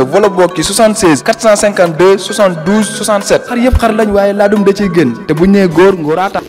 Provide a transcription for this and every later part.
79 wala boog ci 76 452 72 67 xar yëpp xar lañ waaye laadum da ciy gën te bu ñu nee góor ngóoraa tax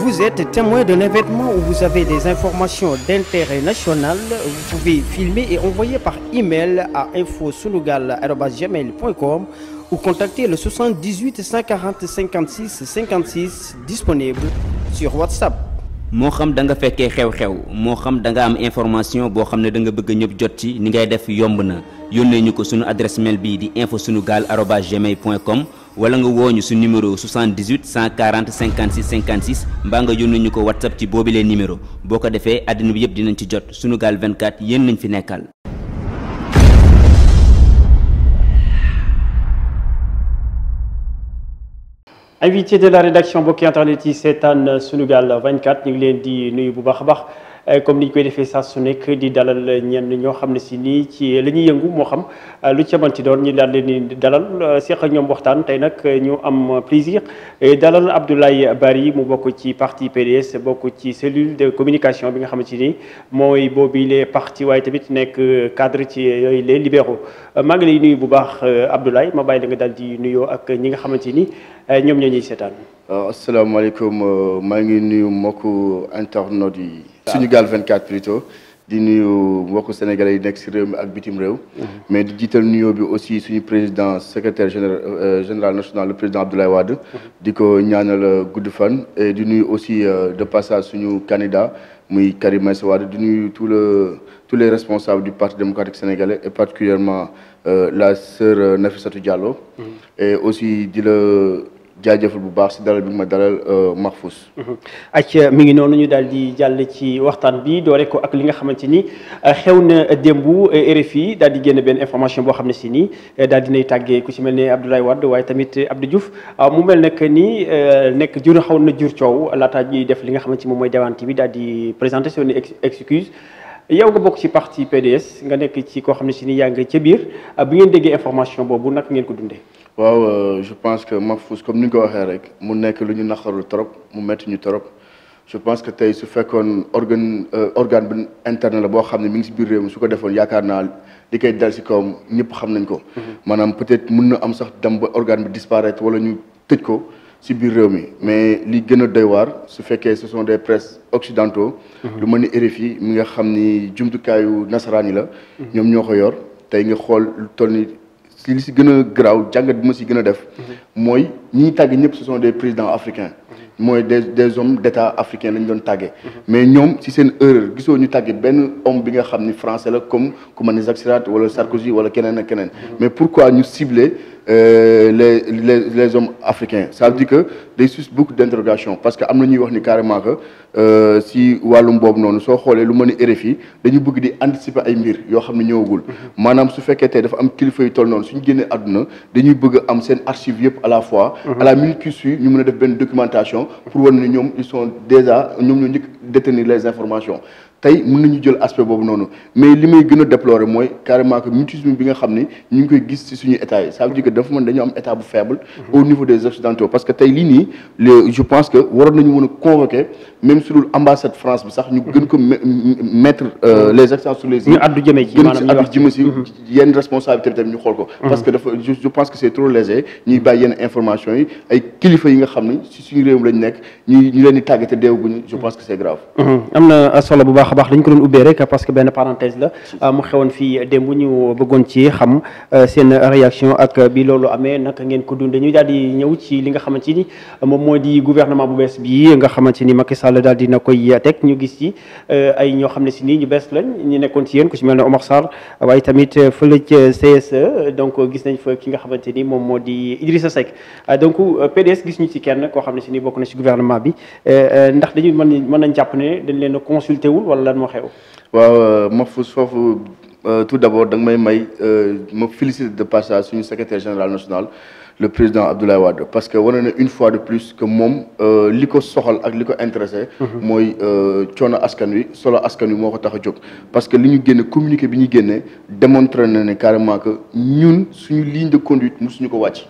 Vous êtes témoin d'un événement où vous avez des informations d'intérêt national, vous pouvez filmer et envoyer par email à infosunugal@gmail.com ou contacter le 78 140 56 56 disponible sur WhatsApp. moo xam danga fekkee xew-xew moo xam da nga am information boo xam ne da nga bëgg ñëpp jot ci ni ngay def yomb na yónnee ñu ko suñu adresse mail bii di info sunu gaal arobase gmail comme com nga woo ñu su numéro 78 140 56 56 mbaa nga yónnee ñu ko WhatsApp ci boobilee numéro boo ko defee àddina bi yëpp dinañ ci jot sunu gaal 24 yéen nañ fi nekkal. invité de la rédaction mbokki internet yi seetaan Sunugal 24 ñu ngi leen di nuyu bu baax a baax Euh, comme ni ñu koy defee saa su nekk di dalal ñenn ñoo xam ne si nii ci la ñuy yëngu moo xam euh, lu ca mën ci doon ñu daal leen di dalal euh, seq ak ñoom waxtaan tey nag ñu am plaisir dalal Abdoulaye Barry mu bokk ci parti PDS bokk ci cellule de communication bi nga xamante ni mooy boobu les parti waaye tamit nekk cadre ci yooyu les libéraux mag ngi lay nuyu bu baax Abdoulaye ma bàyyi la nga daal di nuyoo ak ñi nga xamante ni ñoom ñoo ñuy seetaan. Euh, asalaamaaleykum euh, maa ngi nuyu mbokku internet yi. Sunugal 24 plutôt di nuyu mbokku sénégalais yi nekk si réew mi ak bitim réew. Mhm. mais di jiital nuyoo bi aussi suñu président secrétaire général euh, général national le président Abdoulaye Wade. Mhm. di ko ñaanal gudd fan. et di nuyu aussi de passage suñu candidat muy Karim Meïssa Wade di nuyu le tous les responsables du parti démocratique sénégalais et particulièrement la sœur Nafissatou Diallo. Mhm. et aussi di la. jaajëfal bu baax si dalal bi ma dalal euh, Mahfous. Mhm. ak mi ngi noonu ñu daal di jàll ci waxtaan bi doore ko ak li nga xamante ni euh, xew na démb euh, RFI daal di génn benn information boo xam ne si nii daal dinay tàggee ku si mel ne Abdoulaye Wade waaye tamit Abdou Diouf mu mel ne que ni nekk jur xaw jur coow laataa ñuy def li nga xamante moom mooy déwante bi daal di présenté seen excuse yow nga bokk ci parti PDS nga nekk ci koo xam ne si nii yaa ngi ca biir bu ngeen déggee information boobu nag ngeen ko dundee. waaw euh, je pense que Mahfouz comme ni nga ko waxee rek mu nekk lu ñu naqarul trop mu metti ñu trop je pense que tey su fekkoon organe euh, organe bi interne la boo xam ne mu ngi si biir réew mi su ko defoon yaakaar naa li koy dal si kawam ñëpp xam nañ ko. Mhm. maanaam peut-être mun na am sax dem ba organe bi disparaître wala ñu tëj ko si biir réew mi mais li gën a doy su fekkee ce sont des presses occidentaux. Mhm. lu mel ni RFI mi nga xam ni jumtukaayu nasaraan yi la. Mhm. ñoom ñoo ko yor tey nga xool lu si li si gën a garaaw jàngat bi ma si gën a def. Mhm. mooy ñi ñuy tàgge ñëpp ce sont des présidents africains. Mhm. mooy des des hommes d' état lañu doon tàggee. Mhm. mais ñoom si seen erreur gisoo ñu tàggee benn homme bi nga xam ni français la comme ku mel ni Jacques Chirac wala Sarkozy wala keneen a keneen. mais pourquoi ñu ciblé. Euh, les les les hommes africains ça veut dire que day suscite beaucoup d'interrogations parce que am na ñuy wax ni carrément euh, si wàllum boobu noonu soo xoolee lu mën a RFI dañu bëgg di anticiper ay mbir yoo xam ne ñëwagul mhm. maanaam su fekkee tey dafa am kilifa yu toll noonu suñu génnee àdduna dañuy bëgg am seen archive yëpp à la fois mhm. à la minute qui ñu mun a def benn documentation pour wan ne ñoom ils sont déjà ñoom ñoo njëkk détenir les informations tey mën nañu jël aspect boobu noonu mais li may gën a déplorer mooy carrément que mutisme bi nga xam ni ñu ngi koy gis ci suñu état yi ça veut dire que dafa mën dañu am état bu faible mhm. au niveau des occidentaux parce que tey lii nii le je pense que waroon nañu mën a convoquer même su dul ambassade France bi sax ñu gën ko mettre euh, mhm. les accents sur les ñu addu jëme ci gën mhm. ñu xool ko parce que dafa je pense que c'est trop léger ñuy bàyyi yenn information yi suñu réew lañ nekk ñu leen di tàggate deewaguñu je pense que baax a dañ ko doon ubbee rek parce que benn parenthèse la euh, mu xewoon fii démb ñu bëggoon ci xam euh, seen réaction ak bi loolu amee naka ngeen ko dundee ñu daal di ñëw ci li nga xamante ni euh, moom moo di gouvernement bu bees bi nga xamante ni Macky Sall daal di na koy teg ñu gis ci ay ñoo xam ne si nii ñu bees lañ ñu nekkoon ci yéen ku ci mel ne Omar Sarr waaye tamit fële ca CSE donc gis nañ fa ki nga xamante ni moom moo di Idrissa Seck donc PDS gis ñu ci kenn koo xam ne si nii bokk na ci gouvernement bi ndax dañu mën mën nañ jàpp ne dañ leen a consulté wul wala lan moo xew. waaw euh, Mahfouz foofu euh, tout d' abord da nga may may euh, ma félicite de passage suñu secrétaire général national le président Abdoulaye Wade parce que wane na une fois de plus que moom li ko soxal ak li ko intéressé. Mhm. mooy coono askan wi solo askan wi moo ko tax a jóg. parce que li ñu génne communiqué bi ñu génne démontré na ne carrément que ñun suñu ligne de conduite mosuñu ko wàcc.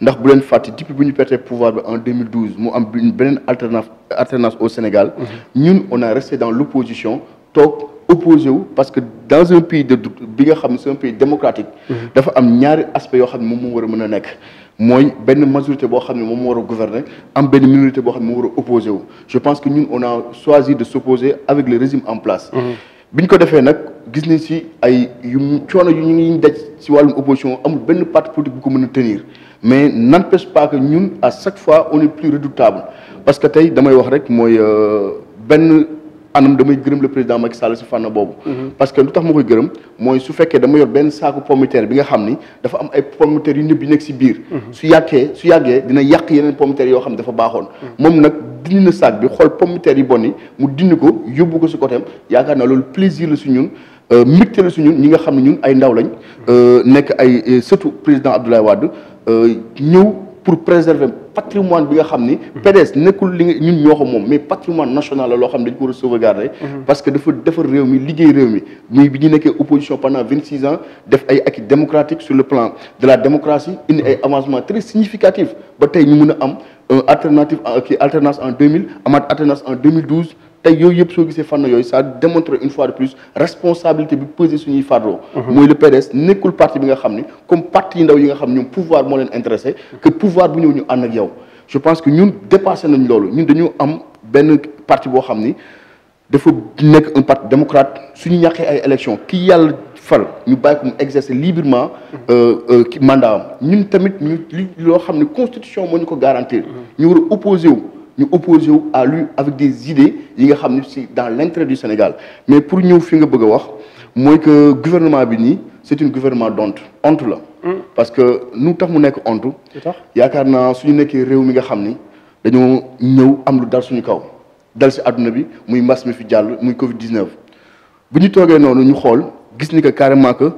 ndax bu leen fàtte depuis bu ñu perte pouvoir bi en 2012 mu am beneen alternance alternance au Sénégal mhm. ñun on a resté dans l'opposition toog opposé wu parce que dans un pays de doute bi nga xam ne c'est un pays démocratique mhm. dafa am ñaari aspect yoo xam ne moom moo war a mën a nekk mooy benn majorité boo xam ne moom moo war a gouverner am benn minorité boo xam ne moo war a opposé wu je pense que ñun on a choisi de s'opposer avec le régime en place mhm. bi ñu ko defee nag gis nañ si ay yu coono yu ñu si wàllum opposition amul benn parti politique a tenir mais n'empêche pas que ñun à chaque fois on est plus redoutable parce que tey damay wax rek mooy euh, benn anam damay gërëm le président Macky Sall si fànn boobu. Mhm. parce que lu tax ma koy gërëm mooy su fekkee dama yor benn saaku pommitère bi nga xam ni dafa am ay pommitère yu nëb yu nekk si biir. Mhm. su yàqee su yàggee dina yàq yeneen pommitère yoo xam ne dafa baaxoon. Mhm. moom nag dindi na saak bi xool pommitère yi bon yi mu dindi ko yóbbu ko si côté yaakaar naa loolu plaisir la si ñun. Euh, mbégte la ñi nga xam ne ñun ay ndaw lañ. Euh, nekk ay surtout président Abdoulaye Wade. Euh, ñëw pour préserver patrimoine bi nga xam ni mhm. PDS nekkul li nga ñun ñoo ko moom mais patrimoine national la loo xam ne dañ ko war a sauvegarder mhm. parce que dafa defar réew mi liggéey réew mi muy bi ñu nekkee opposition pendant vingt ans def ay acquis démocratiques sur le plan de la démocratie indi ay mhm. avancement très significatif ba tey ñu mun a am alternative kii alternance en 2000 amaat alternance en tey yooyu yëpp soo gisee fànn yooyu sa démontre une fois de plus responsabilité bi pesé suñuy fardeau mhm. mooy le PDS nekkul parti bi nga xam ni comme parti yi ndaw yi nga xam ñoom pouvoir moo leen mhm. ñëw ñu ànd ak yow je pense que ñun dépassé nañ loolu ñu dañu am benn parti boo xam ni dafa nekk un parti démocrate suñu ñàkkee ay élection ki yàlla fal ñu bàyyi ko mu exercer librement mhm. euh, euh, mandat am ñun tamit ñu loo xam ne constitution moo ñu ko garantir ñu war a wu ñu opposé wu à lui avec des idées yi nga xam ne si dans l'intérêt du Sénégal mais pour ñëw fi nga bëgg a wax mooy que gouvernement bi nii c'est une gouvernement d'honte honte la hmm. parce que nu tax mu nekk honte yaakaar naa suñu nekkee réew mi nga xam ni dañoo ñëw am lu dal suñu kaw dal si àdduna bi muy mbas mi fi jàll muy Covid 19 bu ñu toogee noonu ñu xool gis ni que carrément que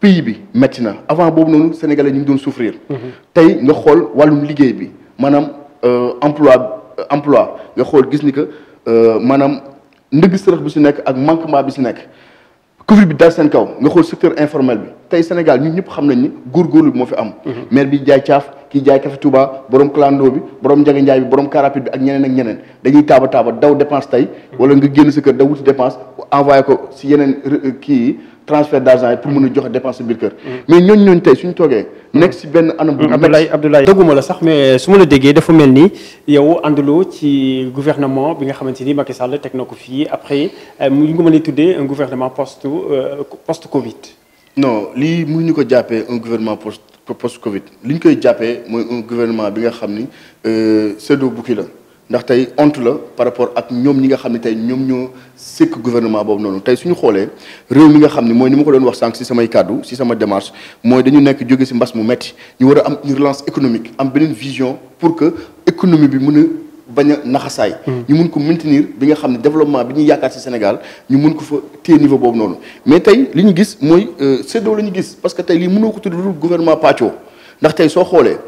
pays bi métti na avant boobu noonu sénégalais ñu ngi doon souffrir hmm. tey nga xool wàllum liggéey bi maanaam euh, emploi emploi nga xool gis ni que euh, maanaam ndëgg sërëx bi si nekk ak manquement bi si nekk Covid bi daal seen kaw nga xool secteur informel bi tey Sénégal ñun ñëpp xam nañ ni góorgóorlu bi moo fi am mhm. maire bi jaay caaf kii jaay café Touba borom clando bi borom njaga njaay bi borom car rapide bi ak ñeneen ak ñeneen dañuy taaba taaba daw dépense tey mhm. wala nga génn sa kër daw wuti dépense envoyé ko si yeneen euh, kii yi transfert d'argent yi pour mën a joxe dépense biir kër. Mm-hmm. mais ñooñu ñooñu tey suñu toogee. Mm-hmm. nekk si benn anam bu. Abdoulaye Abdoulaye dëgguma la sax mais su ma la déggee dafa mel ni yow ànduloo ci gouvernement bi nga xamante ni Macky Sall teg na ko fii après euh, mu ngi mën a tuddee un gouvernement post euh, post Covid. non lii mënuñu ko jàppee un gouvernement post post Covid li ñu koy jàppee mooy un gouvernement bi nga xam ni euh, séddoo bukki la. ndax tey ont la par rapport ak ñoom ñi nga xam ne tey ñoom ñoo sëkk gouvernement boobu noonu tey suñu xoolee réew mi nga xam ne mooy ni ma ko doon wax sànq si samay kàddu si sama démarche mooy dañu nekk jóge si mbas mu metti ñu war a am une relance économique am beneen vision pour que économie bi mën a bañ a naxasaay hmm. ñu mun ko maintenir bi nga xam ne développement bi ñu yaakaar ci Sénégal ñu mun ko fa téye niveau boobu noonu mais tey li ñu gis mooy euh, séddoo la ñu gis parce que tey lii mënoo ko tudd lu gouvernement pàccoo ndax tey soo xoolee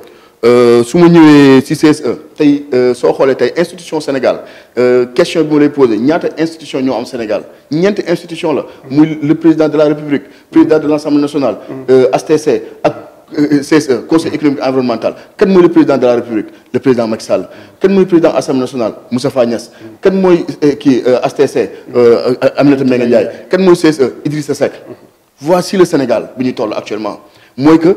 Euh, su ma ñëwee ci CSE tey euh, soo xoolee tey institution Sénégal euh, question bi ma lay posé ñaata institution ñoo am Sénégal ñeenti institution la. muy le président de la République. président de l'Assemblée nationale. HCCT ak CSE conseil économique et environnemental kan mooy le président de la République le président Macky Sall kan mooy président Assemblée nationale Moustapha Niass kan mooy kii HCCT. Aminata Mbengue Ndiaye kan mooy CSE Idrissa Seck. voici le Sénégal bi ñuy toll actuellement mooy que.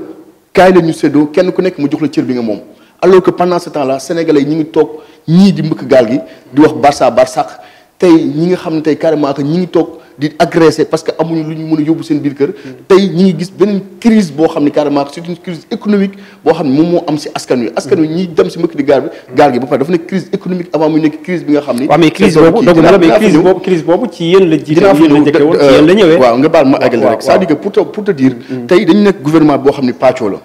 kaay la ñu séddoo kenn ku nekk mu jox la cër bi nga moom alors que pendant ce temps là sénégalais ñi ngi toog ñii di mbëkk gaal gi di wax Barça Barsaq tey ñi nga xam ne tey carrément que ñi ngi toog. di agressé parce que amuñu lu ñu mën a yóbbu seen biir kër tey ñi ngi gis beneen crise boo xam ne carrément c'est une crise économique boo xam ne moom moo am si askan wi askan wi ñi dem si mbëkk di gaar gi ba dafa nekk crise économique avant mu nekk crise bi nga xam ni waaw mais crise boobu dogu na la mais crise boobu crise boobu ci yéen ñëwee euh, waaw nga baal ma àggale rek cest à pour te pour mm. tey dañu nekk gouvernement boo xam ni pàccoo la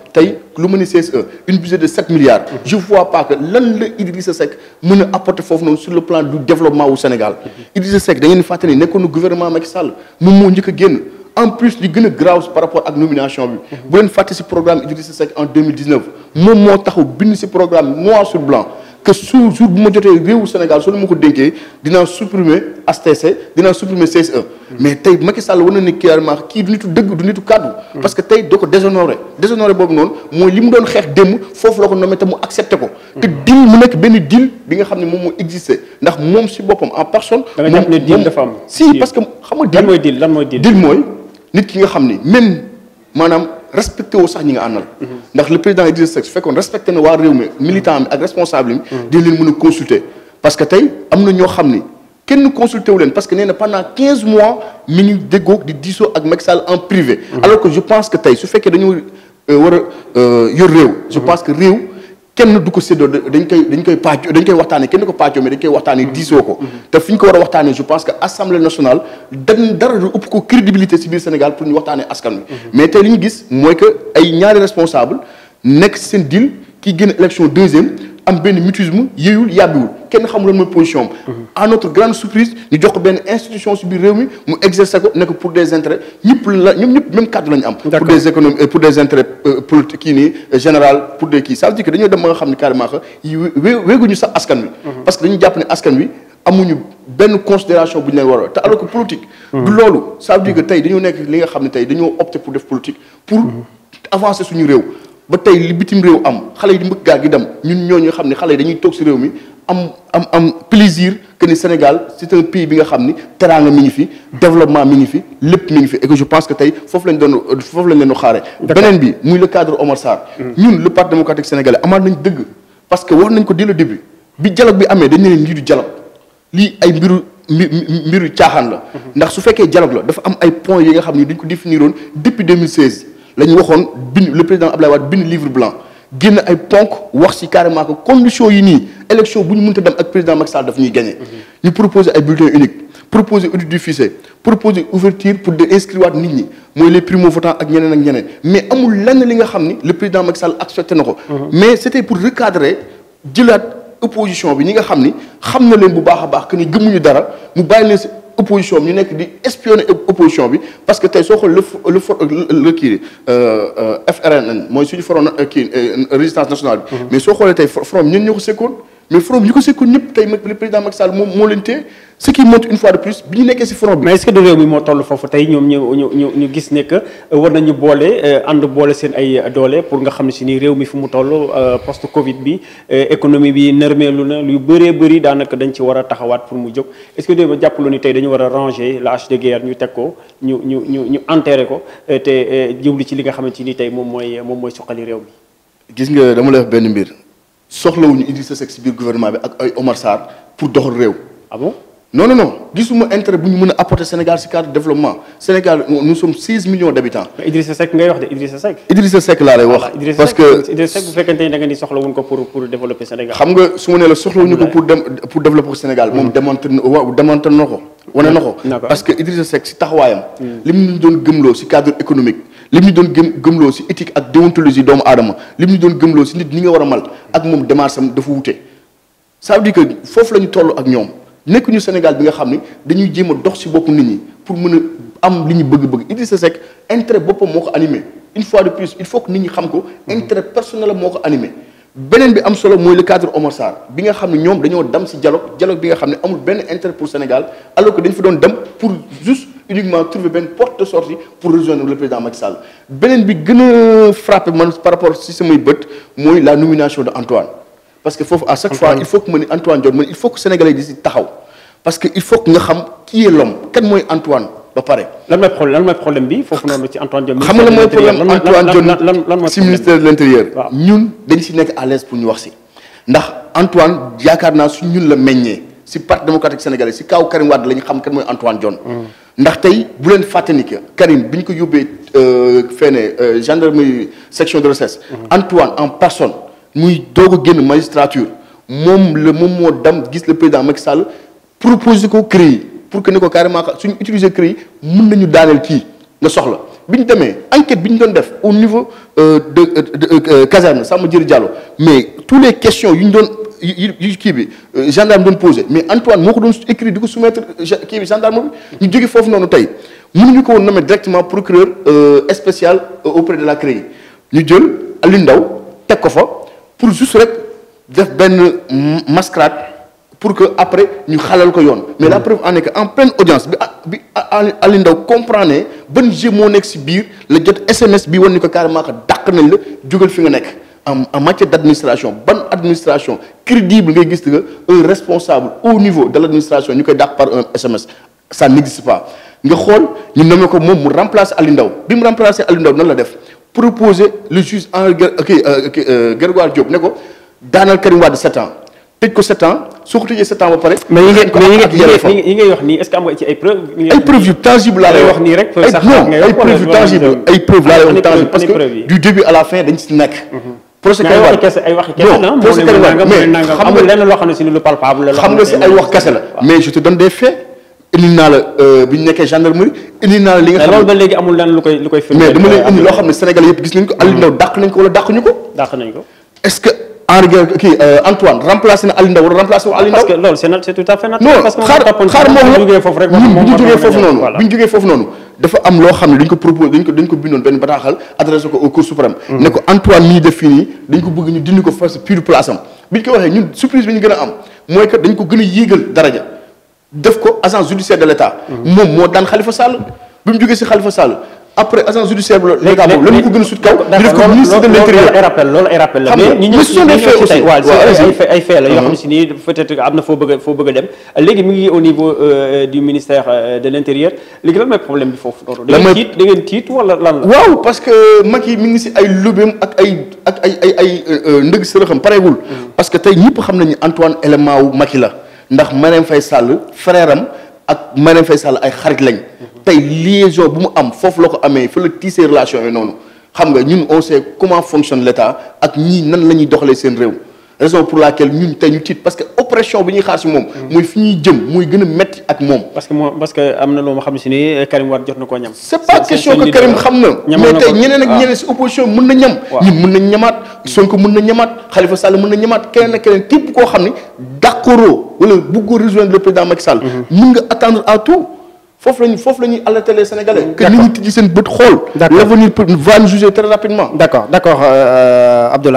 lu ma ni CSE une budget de 7 milliards mm-hmm. je vois pas lan la Idrissa Seck mën a apporter foofu noonu sur le plan du développement wu Sénégal mm-hmm. Idrissa Seck da ngeen fàtte ni nekkoon na gouvernement Macky Sall moom moo njëkk génn en plus li gën a grave par rapport ak nomination bi mm-hmm. bu leen fàtte si programme Idrissa Seck en 2019 moom moo taxaw bind si programme noir sur blanc que su jour bu ma jotee réewu Sénégal su la ma ko dénkee dinaa supprimer HTC dinaa supprimer CSE. mais tey Macky Sall war na ni clairement kii du nitu dëgg du nitu kàddu. parce que tey doo ko déshonoré déshonoré boobu noonu mooy li mu doon xeex démb foofu la ko nommé te mu accepté ko. te deal mu nekk benn deal bi nga xam ne moom moo existé ndax moom si boppam en personne. da nga jàpp ne deal dafa am. si parce que xam nga. lan mooy deal lan mooy deal deal mooy nit ki nga xam ni même maanaam. respecté woo sax ñi nga àndal. ndax le président Idrissa Seck su fekkoon respecté na waa réew mi militant bi ak responsable bi. dina leen mën a consulter parce que tey am na ñoo xam ni kenn consulté wu leen parce que nee na pendant mois mi ngi déggoo di diisoo ak Macky Sall en privé. Mhm. alors que je pense que tey su fekkee dañoo euh, war a euh, yor réew. je mhm. pense que réew. kenn du ko séddoo dañ koy dañ koy dañ koy waxtaanee kenn ko pàccoo mais dañ koy waxtaanee mhm. diisoo ko. Mhm. te fi ñu ko war a waxtaanee je pense que assemblée nationale dañ dara du ëpp ko crédibilité ci Sénégal pour ñu waxtaanee askan wi. Mhm. mais tey li ñu gis mooy que ay ñaari responsable nekk seen deal kii génn élection deuxième. am benn mutisme yéeyul yàbbiwul kenn xamul lan mooy position am mhm. à notre grande surprise ñu jox ko benn institution si biir réew mi mu exercer ko nekk pour des intérêts ñëpp la ñoom ñëpp même cadre la ñu am pour des économies euh, pour des intérêts euh, politiques kii nii euh, général pour des kii ça veut dire que dañoo dem ba nga xam ne carrément xa wéeguñu sax askan wi mhm. parce que dañu jàpp ne askan wi amuñu benn considération bu ñu leen war te alors que politique mhm. du loolu ça veut dire que tey dañoo nekk li nga xam ne tey dañoo opter pour def politique pour avancer suñu réew ba tey li bitim réew am xale yi di mbëkk gaal gi dem ñun ñooñu xam ne xale yi dañuy toog si réew mi am am am plaisir que ni Sénégal c'est un pays bi nga xam ni teraanga mi ngi fi développement mi ngi fi lépp mi ngi fi et je pense que tey foofu lañ doon foofu lañ leen xaare beneen bi muy le cadre Omar Sarr mm. ñun le parti démocratique sénégalais amaat nañ dëgg parce que wax nañ ko dès le début bi dialogue bi amee dañ ne leen lii du dialogue lii ay mbiru mbiru caaxaan la mm-hmm. ndax su fekkee dialogue la dafa am ay yi nga xam ni dañ ko définiroon depuis 2016 la ñu waxoon bind le président Abdoulaye Wade bind livre blanc génn ay ponk wax ci carrément que condition yi nii élection bu ñu mënta dem ak président Macky Sall ñuy gagné. Mhm. ñu proposer ay bulletins uniques proposer audit du fichier proposer ouverture pour de inscrire waat nit ñi mooy les primo votants ak ñeneen ak ñeneen mais amul lenn li nga xam ni le président Macky Sall accepté na ko. Mhm. mais c'était pour recadrer jëlaat opposition bi ñi nga xam ni xam na leen bu baax a baax ni gëmuñu dara mu bàyyi leen opposition bi ñu nekk di espionner opposition bi parce que tey soo xool le le for euh, euh, FRNN mooy suñu front euh, kii résistance nationale bi. Mm-hmm. mais soo xoolee tey front ñun ñoo ko sekkoon. mais forom ñu ko sekkoon ñëpp tey le président Macky Sall moom moo leen téye ce qui montre une fois de plus bi ñu nekkee ci forom bi. mais est-ce que du réew mi moo toll foofu tey ñoom ñu ñu ñu gis ne que euh, war nañu boole euh, ànd boole seen ay doole pour nga xam ne si ni réew mi fu mu toll euh, post Covid bi économie bi nërmeelu na lu bëree bëri daanaka dañ ci war a taxawaat pour mu jóg est-ce que du ma jàppaloo ni tey dañu war a ranger la hache de guerre ñu teg ko ñu ñu ñu ñu enterré ko te jublu ci li nga xamante ni tey moom mooy moom mooy suqali réew mi. gis nga dama benn mbir. soxlawuñu Idrissa Seck si biir gouvernement bi ak ay Omar Sarr pour doxal réew. ah non non non gisuma intérêt bu ñu mën a apporter Sénégal si cadre développement Sénégal nous sommes 16 millions d' habitants. mais Idrissa Seck ngay wax ah, que Idrissa Seck bu fekkente moom mm. démontre waaw wane na parce que Idrissa Seck si taxawaayam. Mm. li mu doon gëmloo si cadre économique. lim ñu doon gëm gëmloo si éthique ak déontologie doomu aadama lim ñu doon gëmloo si nit ñi nga war a mal ak moom démarche am dafa wute saa veut dire que foofu la ñu toll ak ñoom nekkuñu Sénégal bi nga xam ne dañuy jéem a dox si bopp nit ñi pour mën am li ñu bëgg-bëgg Idrissa Seck intérêt boppam moo ko animé fois de plus il faut nit ñi xam ko mhm. intérêt personnel moo ko animé beneen bi am solo mooy le cadre Omar bi nga xam ne ñoom dañoo dem si dialogue dialogue bi nga xam ne amul benn intérêt pour Sénégal alors que dañ fa doon dem pour juste uniquement trouver benn porte de sortie pour rejoindre le président Macky Sall beneen bi gën a man par rapport si samay bët mooy la nomination de Antoine parce que foofu à chaque fois il faut que ma ne Antoine Diome man il faut que sénégalais di si taxaw parce que il faut que nga xam qui est l'homme kan mooy Antoine ba pare. lan mooy problème lan mooy problème bi foofu noonu ci Antoine Diome. xam nga mooy problème Antoine Diome si ministère l'intérieur. ñun dañ si nekk à l'aise pour ñu wax si. ndax naa su ñun la meññee. ci parti démocratique sénégalais si kaw Karim Wade la ñu xam kan mooy Antoine Diome. ndax tey bu leen fàtte ni que Karim bi ñu ko yóbbee euh, fene euh, gendarmerie section de recherche. Antoine en personne muy doog a génn magistrature moom la moom moo dem gis le président Macky Sall proposé ko CREI pour que ne ko carrément suñu utiliser CREI mun na ñu daaneel kii nga soxla. bi ñu demee enquête bi ñu doon def au niveau euh, de de caserne Samba Diéry Diallo mais tous les questions ñu doon yi yi kii bi euh, gendarme doon posé mais Antoine moo ko doon écrit di ko soumettre euh, kii bi gendarme bi ñu jóge foofu noonu tey ñu ko woon nommer directement procureur euh, spécial auprès de la CREI ñu jël Alioune teg ko fa pour juste rek def benn mm, mascarade pour que après ñu xalal ko yoon. mais la mm. preuve en est que en pleine audience bi ah, bi ah, Alioune Ndao ban jeu moo nekk si biir la jot SMS bi wan ni ko carrément que dàq nañ la jógal fi nga nekk en d' administration ban. administration crédible ngay gis nga un responsable au niveau de l' administration ñu koy dàq par un SMS ça n' pas nga xool ñu nommé ko moom mu remplacer Aliou Ndao bi mu remplacer Aliou Ndao nan la def proposer le juge en kii euh, euh, Grégoire Diop daanal Karim Wade sept ans tëj ko sept ans soo ko tëjee sept ans ba pare. que am nga ay preuves. yu tangible laa lay wax nii rek. ay non yu tangible ay preuves laa lay wax tangible parce que du début à la fin dañ procès Karim Wade mais amul lenn loo xam ne si nga si ay wax kese la mais je te des faits indil naa la euh, bi ñu nekkee gendarmerie indil naa la li nga xam ne koy lu loo xam ne Sénégal yëpp gis nañ ko Aliou Ndao dàq nañ ko wala dàq ñu ko est-ce que Henri kii euh, Antoine remplacé na Aliou Ndao wala remplacé wu Aliou Ndao. parce xaar xaar moom la bu bu ñu jógee foofu noonu dafa am loo xam ne dañ ko proposé dañ ko dañ ko benn bataaxal adressé ko au cour suprême. Mm. Antoine mii def fii nii dañ ko bëgg ñu dindi ko face pure place am bi ñu ko waxee ñun surprise bi ñu gën a am mooy que dañ ko gën a yéegal daraja def ko agent judiciaire de l'État. Mm. moom moo daan Khalifa Sall bi mu jógee si Khalifa après agent judiciaire bi la léegi moom lañu ko gën a sut kaw. ñu def loolu ay rappel la mais ñi ñëw ci ay fait la yoo mhm. xam si nii peut-être am na foo bëgg a foo bëgg a ngi au niveau euh, du ministère euh, de l'intérieur bi foofu noonu da ngeen tiit da ngeen tiit wala lan la waaw parce que Macky mi ngi si ay lobbyam ak ay ak ay ay ay euh, ndëg sërëxam pareegul mhm. parce que tey ñëpp xam nañu Antoine element wu Macky la ndax Marème fay Sall frère am ak Marème Faye Sall ay xarit lañ. tey liaison bu mu am foofu la ko amee fa la tiisee relation yi noonu xam nga ñun on comment fonctionne l'État ak ñii nan la doxalee seen réew. raison pour laquelle ñun tey ñu tiit parce oppression bi ñuy xaar si moom. muy mm-hmm. fi ñuy jëm muy gën a métti ak moom. parce am na loo ma xam si ni Karim Wade jot na koo ñam. c'est pas question que Karim xam na. mais tey ñeneen ak ah. ñeneen si opposition mën na ñam. ñun mën nañ Sonko mun na ñamaat Khalifa Sall mën na ñamaat keneen ak keneen képp koo xam ne d'accord wala bëggoo rejoindre le président Macky Sall. mun mhm. nga attendre à tout. foofu lañu foofu la ñuy alerter les sénégalais. que nit seen bët xool. d' accord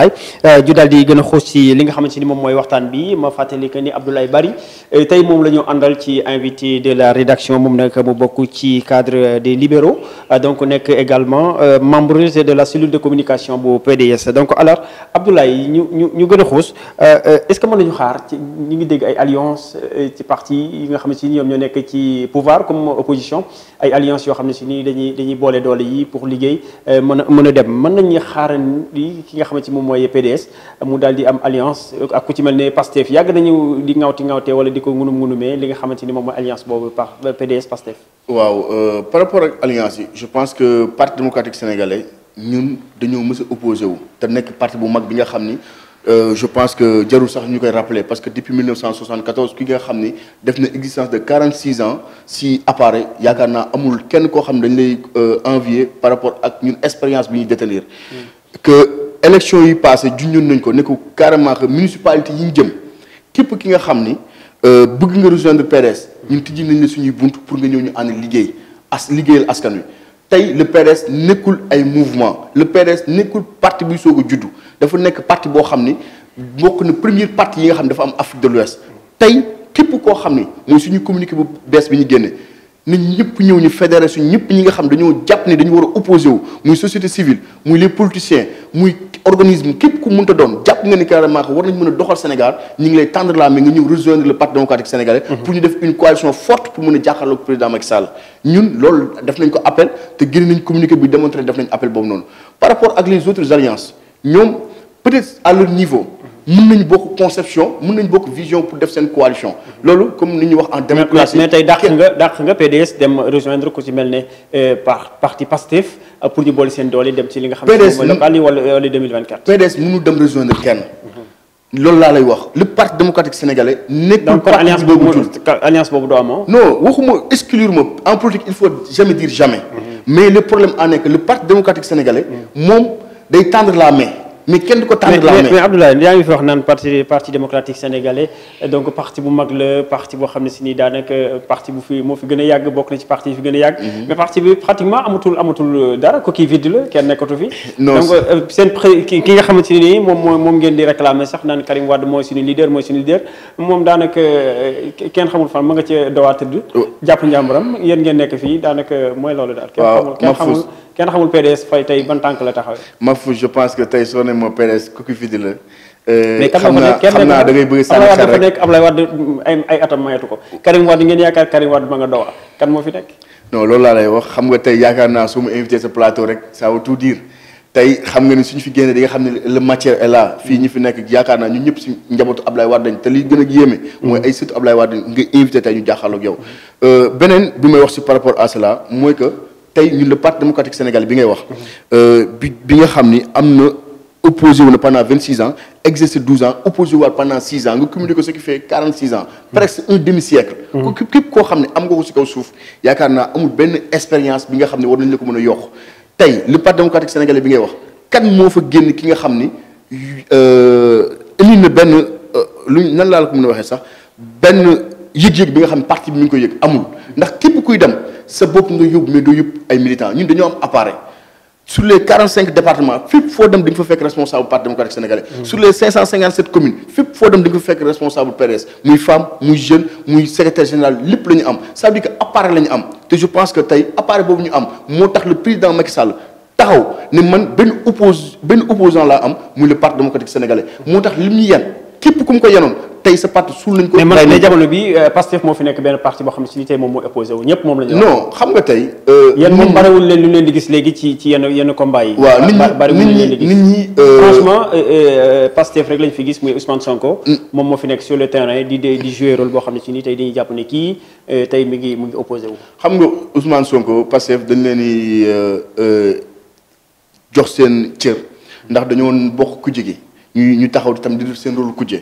l' ju daal di gën a xoos ci li nga xamante ni moom mooy waxtaan bi ma fàttali que ni Abdoulaye Bari euh, tey moom la ñu àndal ci invité de la rédaction moom nag mu bokk ci cadre des libéraux euh, donc nekk également euh, membre de la cellule de communication bu PDS donc alors Abdoulaye ñu ñu ñu gën a xoos est ce que mën ñu xaar ci ngi dégg ay alliance ci parti yi nga xamante ni ñoom ñoo nekk ci opposition ay alliance yoo xam ne si nii dañuy dañuy boole doole yi pour liggéey euh, mën a mën a dem mën nañu xaaran di ki nga si moom mooy PDS mu daal di am alliance ak ku ci mel ne Pastef yàgg nañu di ŋawti ŋawtee wala di ko ngunum ngunumee li nga xamante ni moom mooy alliance boobu par euh, PDS Pastef waaw euh, par rapport ak alliance yi je pense que parti démocratique sénégalais ñun dañoo mës a wu te nekk parti bu mag bi nga xam ni Euh, je pense que jarul sax ñu koy rappeler parce que depuis 1974 ki nga xam ni def na existence de 46 ans si appareil yaakaar naa amul kenn koo xam ne dañ lay euh, envier par rapport ak ñu expérience bi ñuy détenir mm. que élection yi ju junjoon nañ ko ne ko carrément que municipalité yi ñu jëm képp ki nga xam ni euh, bëgg nga de PDS ñun tijji nañ la suñuy bunt pour nga ñëw ñu ànd liggéey as liggéeyal askan wi tey le PDS nekkul ay mouvement le PDS nekkul parti buy soog a juddu dafa nekk parti boo xam ne bokk na première parti yi nga xam ne dafa am Afrique de l'Ouest tey képp koo xam ni mooy suñu communiqué bu bees bi ñu génne nit ñëpp ñëw ñu fédéré suñ ñëpp ñi nga xam dañoo jàpp ni dañu war a opposé wu muy société civile muy les politiciens muy organisme képp ku mënta doon jàpp nga ni carrément war nañ mën a doxal Sénégal ñu ngi lay tendre la main nga ñëw rejoindre le Parti démocratique sénégalais. Mhm. pour ñu def une coalition forte pour mën a jàkkaarloog président Macky Sall. ñun loolu def nañ ko appel te génn nañ communiqué bi démontré def nañ appel boobu noonu par rapport ak les autres alliances mun nañu bokk conception mën nañu bokk vision pour def seen coalition. loolu comme ni ñuy wax en démocratie. mais tey dàq nga dàq nga PDS dem rejoindre ko ci mel ne euh, par parti Pastef euh, pour ñu boole seen doole dem ci li nga xam ne mooy local yi wala wala 2024. PDS dem rejoindre kenn. loolu laa lay wax le parti démocratique sénégalais. nekkul alliance boobu alliance boobu doo amoo. non waxuma exclure en politique il faut jamais dire jamais. Mm-hmm. mais le problème en est que parti mais kenn du ko tànn la mais mais Abdoulaye yaa ngi fi wax naan parti parti démocratique sénégalais euh, donc parti bu mag la parti boo xam ne si nii daanaka euh, parti bu fi moo fi gën a yàgg bokk na ci parti yi fi gën a yàgg. Mhm. mais parti bi pratiquement amatul amatul euh, kenn nekkatu fi. non donc seen ki nga xamante ne nii moom moom ngeen di réclamer sax naan Karim Wade mooy suñu leader mooy suñu leader moom daanaka kenn xamul fan ma nga cee dawaa tëdd. Oh. jàpp njàmburam yéen ngeen nekk fii daanaka mooy loolu daal. waaw kenn xamul kenn xamul. kenn xamul PDS fay tey ban tànk la taxawee. ma fu je pense que tey soo ne ma PDS ku fi di la. Euh, xam naa xam da ngay bëgg sànni xar rek nekk Ablaye Wade ay ay atam mayatu ko Karim Wade ngeen yaakaar Karim Wade ma nga dowa kan moo fi nekk. non loolu laa lay wax xam nga tey yaakaar naa su ma invité sa plateau rek ça veut tout dire tey xam nga ni suñu fi génnee di xam ne le matière est fii ñi fi nekk yaakaar naa ñun ñëpp si njabootu Ablaye Wade dañ te li gën a yéeme. mooy ay surtout tey ñun le parti démocratique sénégalais bi ngay wax. Euh, bi bi nga xam ni am na opposé wu na pendant vingt six ans exercé douze ans opposé waat pendant six ans nga cumulé ko ce qui fait quarante six ans. presque un demi siècle. Mmh. ku képp képp koo xam ne am nga ko si kaw suuf yaakaar naa amul benn expérience bi nga xam ne war nañ la ko mën a yokk tey le parti démocratique sénégalais bi ngay wax kan moo fa génn ki nga xam ni euh, indi na benn euh, lu nan laa la ko mën a waxee sax benn yëg-yëg bi nga xam ne parti bi mu ngi ko yëg amul ndax képp kuy dem. sa bopp nga yóbbu mais doo yóbbu ay militants ñun dañoo am appareil sur les 45 départements fépp foo dem di nga fa fekk responsable parti démocratique sénégalais. Mm. sur les 557 communes fépp foo dem di nga fa fekk responsable PDS muy femme muy jeune muy secrétaire général lépp la ñu am ça veut dire que appareil la am te je pense que tey appareil boobu ñu am moo tax le président Macky Sall. taxaw ne man benn oppose benn opposant laa am muy le parti démocratique sénégalais moo tax lim ñu yan képp ku mu ko yanoon tey sa parti suul nañ ko. mais man jamono bi euh, Pastef moo fi nekk benn parti boo xam ne si ni tey moom moo opposé wu xam nga tey. Euh, leen lu leen di gis léegi ci ci yenn yenn combat yi. waaw nit euh, rek lañ fi gis muy Ousmane Sonko. Mm. moom moo fi nekk sur le terrain di di jouer rôle ni tey jàpp ne kii tey mi mu ngi wu. xam nga Ousmane Sonko Pastef dañ leen di jox seen cër ndax dañoo bokk kujje gi ñu taxaw itam di def seen rôle kujje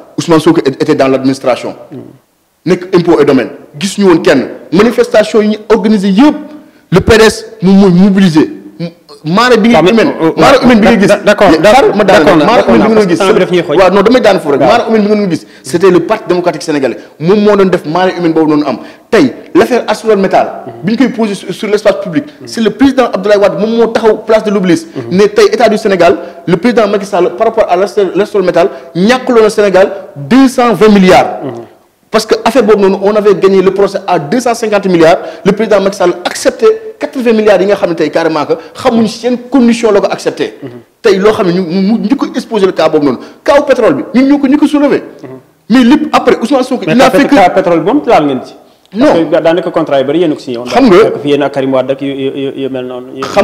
Ousmane Sonko était dans l'administration nekk impôt et domaine gis ñu woon kenn manifestation yi ñu organisé yëpp le PDS moom mooy mobilisé maanaam bi nga. Euh, maanaam humaine bi nga gis. d'accord d'accord ma daanaka maanaam humaine bi nga gis. temps bi daf ñuy xooj waaw non damay daan foofu rek. maanaam humaine bi nga doon gis. c'était le parti démocratique sénégalais moom moo doon def maanaam humaine boobu noonu am tey l'affaire ArcelorMittal. bi ñu koy posé sur l'espace public. c'est le président Abdoulaye Wade moom moo taxaw place de l'Obélisque. Mm-hmm. ne tey état du Sénégal le président Macky Sall par rapport à l'ArcelorMittal ñàkkloo na Sénégal deux cent vingt milliards. Mm-hmm. parce que affaire boobu noonu on avait gagné le procès à deux cent cinquante milliards le président Macky Sall accepté. 80 milliards yi nga xam ne tey carrément que xamuñu seen condition la ko accepté. tey loo xam ne ñu mu ñu ko exposé le cas noonu kaw pétrole bi ñun ñu ko ñu ko soulevé. Mhm. mais lépp après Ousmane Sonko. il a fait que mais pétrole moom laal ngeen ci. non daanaka a ko signé woon. xam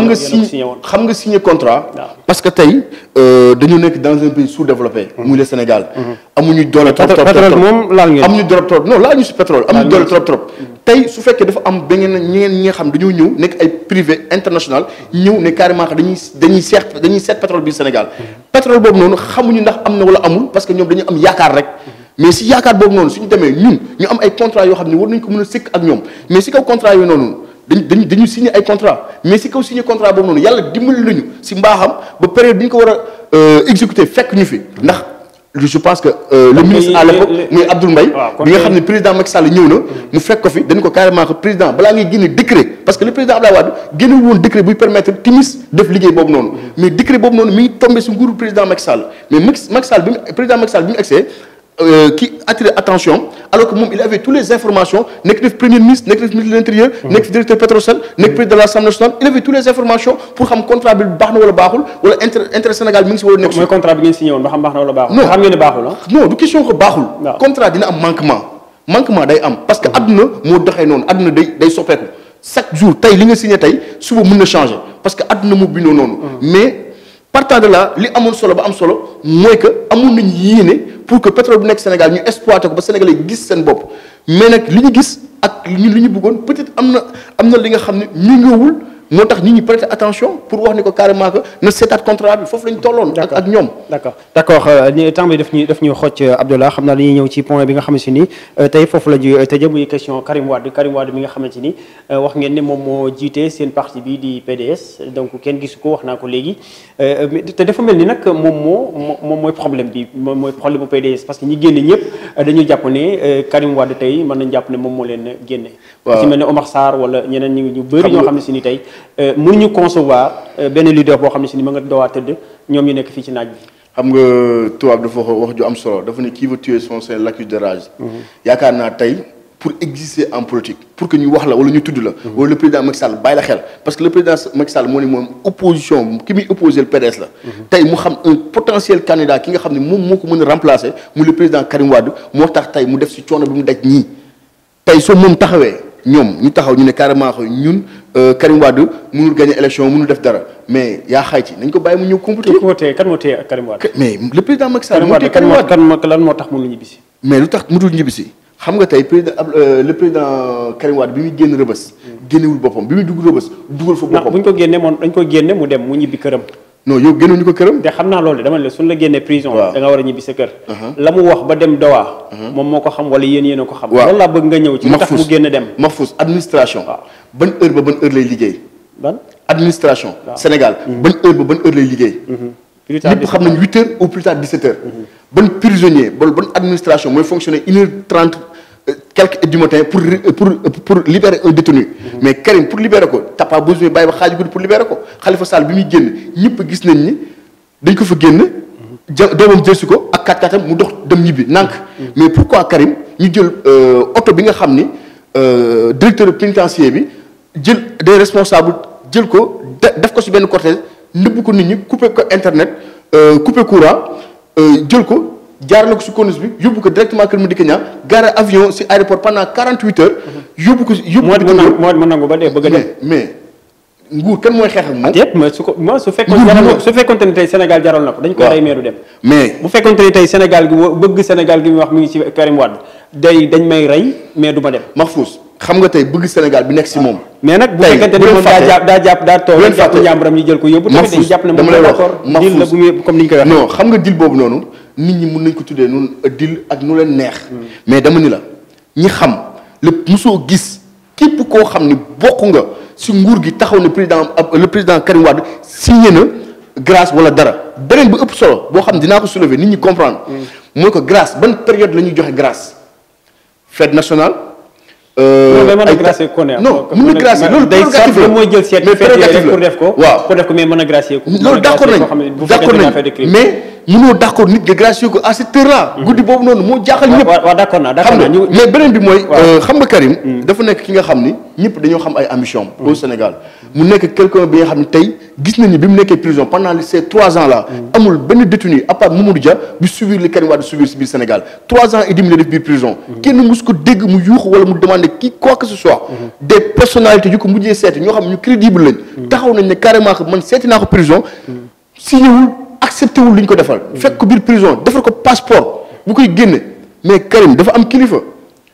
nga fi nga signé nga contrat. parce que tey euh, dañu nekk dans un pays sous-développé. Mhm. muy le Sénégal. Mhm. amuñu doole trop trop pétrole moom laal ngeen. amuñu doole trop non laal ñu si pétrole amuñu doole trop trop. Mhm. tey su fekkee dafa am beneen ñeneen ñi nga xam dañoo ñëw nekk ay privé international ñëw ne carrément dañuy dañuy seet dañuy seet pétrole bi Sénégal pétrole boobu noonu xamuñu ndax am na wala amul parce que ñoom dañu am yaakaar rek mais si yaakaar boobu noonu suñu demee ñun ñu am ay contrat yoo xam ne war nañ ko mën a sëkk ak ñoom mais si kaw contrat yooyu noonu dañ dañu signé ay contrat mais si kaw signé contrat boobu noonu yàlla dimbali nañu si mbaaxam ba période bi ko war a euh, exécuter fekk ñu fi ndax je pense que euh, le ministre à l'époque muy Abdoul nga xam ne président Macky ñëw na mu fekk ko fi dañ ko carrément que président balaa ngay génne décret parce que le président Abdoulaye Wade génnewul woon décret buy permettre timis def liggéey boobu noonu mm. mais décret kii euh, attiré attention alors que moom il avait toutes les informations nekk def premier ministre nekk def ministre de l'intérieur mmh. nekk fi directeur Petrosen nekk mmh. président de l'Assemblée nationale il avait toutes les informations pour xam contrat bi baax na wala baaxul wala intérêt intérêt Sénégal mi si wala nekk bi ngeen signé woon ba xam baax na baaxul non xam du question que baaxul contrat dina am manquement manquement day am parce que mmh. àdduna moo partant de là li amoon solo ba am solo mooy que amul nañ yéene pour que pétrole bu nekk Sénégal ñu exploité ko ba Sénégalais gis seen bopp mais nag li ñu gis ak ñun li ñu bëggoon peut-être am na am na li nga xam ne ñu ngiwul moo tax nit ñi prêter attention pour wax ni ko carrément que na seetaat contrat bi foofu lañ tolloon. ak ak ñoom. d' accord euh, temps bi ñuy xocc euh, Abdallah xam naa dañuy ñëw ci point bi nga xamante ni euh, tey foofu la ñuy tëjee muy question Karim Wade Karim Wade mi ngeen ne moom moo jiite seen parti bi di PDS donc kenn gisu ko wax naa ko léegi te dafa mel ni nag moom moo moom mooy problème bi moom mooy problème bu PDS que ñi génne ñëpp dañu jàpp ne tey mën nañu jàpp ne moom moo leen génne. waaw si mel ne Omar Sarr wala ñeneen ñu bëri ñoo xam ne si ni tey Euh, mënuñu concevoir euh, benn leader boo xam ne si ni ma nga doowaat tëdd ñoom ñu nekk fii ci naaj bi. xam nga tubaab dafa wax ju am solo dafa ne qui veut tuer son chien l'accuse de rage. Mhm. yaakaar naa tey pour exister en politique pour que ñu wax la wala ñu tudd la. Mhm. wala le président Macky Sall bàyyi la xel parce que le président Macky Sall moo ne moom opposition ki muy opposé le PDS la. Mhm. tey mu xam potentiel candidat ki nga xam ne moom moo ko mën a remplacer mu le président Karim moo tax tey mu def si coono bi mu daj ñii tey soo moom taxawee ñoom ñu taxaw ñu ne carrément ñun. Euh, Karim Wade mënul gagner élection mënul def dara mais yaa xay ci nañ ko bàyyi mu ñëw compétir. ku ko téye kan moo téye ak Karim Wade. mais le président Macky Sall. moo téye Karim Wade kan moo lan moo tax mënul ñibbisi. mais lu tax mënul ñibbisi xam nga tey président euh, le président Karim Wade bi muy génn rëbës. Hmm. génnewul boppam bi muy dugg rëbës dugal fa boppam. ndax bu ñu ko génne moom dañ ko génnee mu dem mu ñibbi këram. non yow génnuñu ko këram. te xam naa loolu dama ne suñu la génnee prison. da war a ñibbi sa kër. Uh-huh. la mu wax ba dem dowaa. Uh-huh. moom moo ko xam wala yéen yéen a ko xam. waaw loolu laa bëgg nga ñëw ci lu tax mu administration. ban heure ba ban heure lay liggéey. ban administration. Sénégal mm-hmm. ban heure heure lay liggéey. Mm-hmm. plus tard ñëpp xam nañ 8 ban prisonnier ban ban administration mooy fonctionner une heure trente quelques heures du matin pour pour pour un détenu mais Karim pour libérer ko t'as pas besoin bàyyi ba xaaju guddi pour libérer ko Khalifa Sall bi muy génn ñëpp gis nañ ni dañ ko fa génn ja doomam jël si ko ak kàttaatam mu dox dem ñibbi nànk mais pour pourquoi Karim ñu jël euh, oto bi nga xam ni euh, directeur pénitentiaire bi jël des responsables jël ko def ko si benn cortège nëbb ko nit ñi couper ko internet euh, couper courant jël ko jaar na ko si conus bi yóbbu ko directement Kër Madické Niang gaare avion si aéroport pendant 48 heures. yóbbu ko si yóbbu ko. moo mu nangu ba dee bëgg a dem mais nguur mooy xeexal moom. yëpp mais su ko su fekkoon jaral su fekkoon ne tey ko. dañ ko rey meeru dem. mais bu fekkoon ne tey Sénégal gi bëgg Sénégal gi mu wax mi ngi ci Karim Wade day dañ may rey xam nga tey bëgg Sénégal bi nekk si moom. Ah. mais nag bu fekkente ne moom daa jàpp daa toog jàpp njàmbaram jël ko yóbbu. Mahfouz dama lay wax tamit dañu jàpp ne moom d'accord deal la bu muy comme ni ñu koy waxee. non xam nga deal boobu noonu nit ñi mun nañ ko tuddee noonu dil ak nu leen neex. mais dama ni la ñi xam lépp mosoo gis képp koo xam ni bokk nga si nguur gi taxaw ne président le président Karim Wade signé na grâce wala dara beneen bu ëpp solo boo xam dinaa ko soulever nit ñi comprendre. Mm. mooy ko grâce ban période la ñuy joxe grace fête national Euh, ay gracier ku ne non mën na gracier loolu day sàrlu mooy jël seet mais prérogative la ko waaw pour def ko a gracier ko loolu d'accord nañ d'accord nañ mais mënoo d'accord nit nga gracier ko à cette mm-hmm. guddi boobu noonu moo jaaxal ñëpp waaw d'accord mais beneen bi mooy euh, xam nga Karim mm. dafa nekk ki nga xam ni ñëpp dañoo xam ay ambition au mm. Sénégal mu nekk quelqu'un bi nga xam ni tey gis nañu bi mu nekkee prison pendant ces trois ans là. amul benn détenu à part Mamadou Dia bu suivre li Karim Wade suivre si biir Sénégal trois ans et demi la def biir prison. kenn mus ko dégg mu yuuxu wala mu demander qui quoi que ce soit. des personnalités yu ko mujjee seeti ñoo xam ñu crédible lañ. taxaw nañ ne carrément man seeti naa ko prison. signé wul accepté wul li ñu ko defal. fekk ko biir prison defal ko passeport bu koy génne mais Karim dafa am kilifa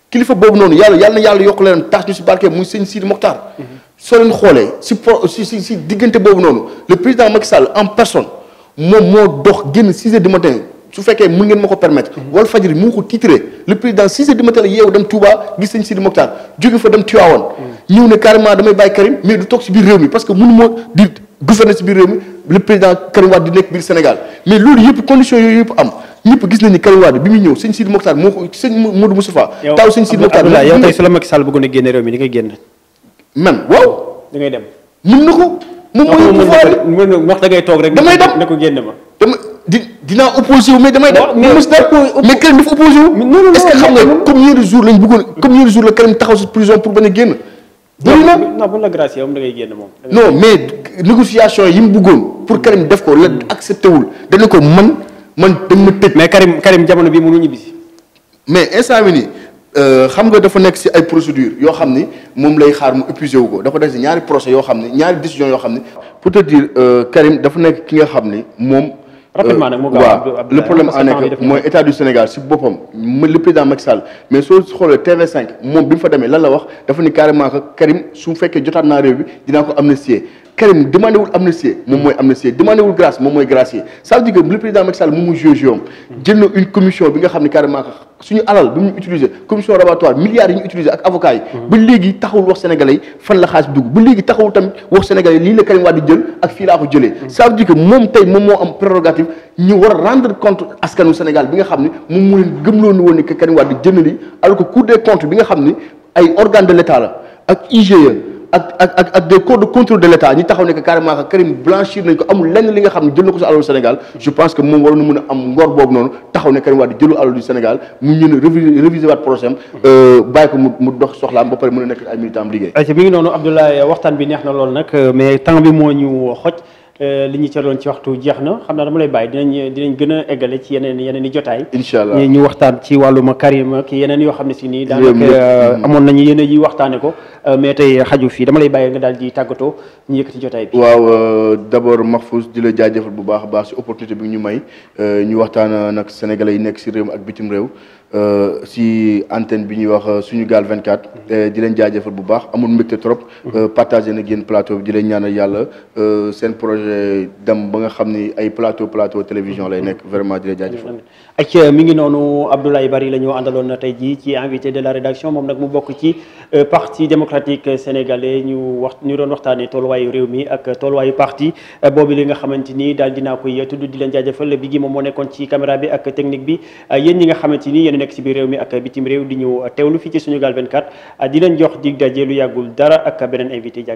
kilifa boobu noonu yàlla yàlla na yàlla yokk leen tax ñu soo xoolee si pro si si si diggante boobu noonu le président Macky Sall en personne moom moo dox génn 6 heures du su fekkee mën ngeen ma ko permettre. wala fajri mu ngi ko titré le président 6 heures du la yeewu dem Touba gis nañ Sidi Mokhtar jóge fa dem Tivaouane. ñëw ne carrément damay bàyyi Karim mais du que mënu moo di gouverner si biir réew mi le président Karim Wade di nekk biir a génne réew mi di nga génn. man waaw. da ngay dem mën na ko. moom mooy pouvoir mën na wax da ngay toog rek. damay dem ne ko génne ma. dama di dinaa opposé wu mais damay dem. waaw mais mais Karim dafa est xam nga combien de jours lañ bëggoon combien de jours la Karim taxaw si prison pour bañ a génn. bëri na non bu moom da ngay génn moom. non mais négociation yi mu bëggoon pour Karim def ko la accepté wul ko man man dañ ma tëj. mais Karim Karim jamono bii mënu ñibbi si. mais instant bi nii. Euh, xam nga dafa nekk ci ay procédures yoo xam ni moom lay xaar mu épuisé wu ko dafa des ñaari procès yoo xam ni ñaari décision yoo xam ni pour te dire euh, Karim dafa nekk ki nga xam ni moom. Euh, rapidement nag moo gaaw le problème en est que mooy état du Sénégal si boppam le président Macky Sall mais soo xoolee TV5 moom bi mu fa demee lan la wax dafa ni carrément que Karim su fekkee jotaat naa réew bi dinaa ko am amnistier Karim demandé wul amnistie moom hmm. mooy amnistie demandé wul grâce moom mooy gracier ça veut dire que le président Macky Sall moom mooy joué jouam jël na une commission bi nga xam ne carrément suñu alal bi mu utilisé commission rabatoire milliards yi ñu utilisé ak avocats yi hmm. ba léegi taxawul wax sénégalais yi fan la xaalis bi dugg ba léegi taxawul tamit wax sénégalais yi lii la Karim Wade jël ak fii laa ko jëlee hmm. que moom tey moom moo am prérogative ñu war askanu Sénégal bi nga xam ne moom moo leen gëmloon woon ni que Karim Wade jël na lii alors xam ne ay organe de l'État la ak ak ak ak ak des corps de contrôle de l'État ñi taxaw ne que carrément Karim blanchir nañ ko amul lenn li nga xam ne jël na ko si alalu Sénégal je pense que moom waroon na mën a am ngor boobu noonu taxaw ne Karim Wade jëlu alalu Sénégal mu ñun réviser réviser waat procès am mm-hmm. euh, bàyyi ko mu mu dox soxlaam ba pare a nekk ay militant am liggéey. ayca mi ngi noonu Abdoulaye waxtaan bi neex na lool nag euh, mais temps bi moo ñu xoj. Euh, li ñu caloon ci waxtu jeex na xam naa dama lay bàyyi dinañ dinañ gën a eggale ci yeneen yeneen i jotaay incha allah ñu waxtaan ci wàlluma Karim ki yeneen yoo xam ne si nii daanaka euh, mm-hmm. amoon nañu yeneen yi waxtaane ko euh, mais tey xaju fii dama lay bàyyi nga daal di tàggatoo ñu yëkkati jotaay bi waaw d'abord Mahfouz di la jaajëfal bu baax a baax si opportunité bi ñu may ñu waxtaan nag sénégalais yi nekk si réew ak bitim réew Euh, si antenne bi ñuy wax suñu gaal 24. di leen jaajëfal bu baax amul mbégte trop. Mm-hmm. Euh, partagé na génn plateau bi di leen ñaanal yàlla euh, seen projet dem ba nga xam ni ay plateau plateau télévision lay mm-hmm. nekk vraiment di leen jaajëfal. ak euh, mi ngi noonu Abdoulaye Bari la ñu na tey jii ci invité de la rédaction moom nag mu bokk ci euh, parti démocratique sénégalais ñu wax ñu doon waxtaanee tooluwaayu réew mi ak tooluwaayu parti euh, boobu li nga xamante ni daal dinaa koy tudd di leen jaajëfal bi gi moom moo nekkoon ci caméra bi ak technique bi yéen ñi nga xamante ni yéen nekk si biir réew mi ak bitim réew di ñu teewlu fii ci Sunugal 24 di leen jox dig daje lu yàggul dara ak beneen invité jaa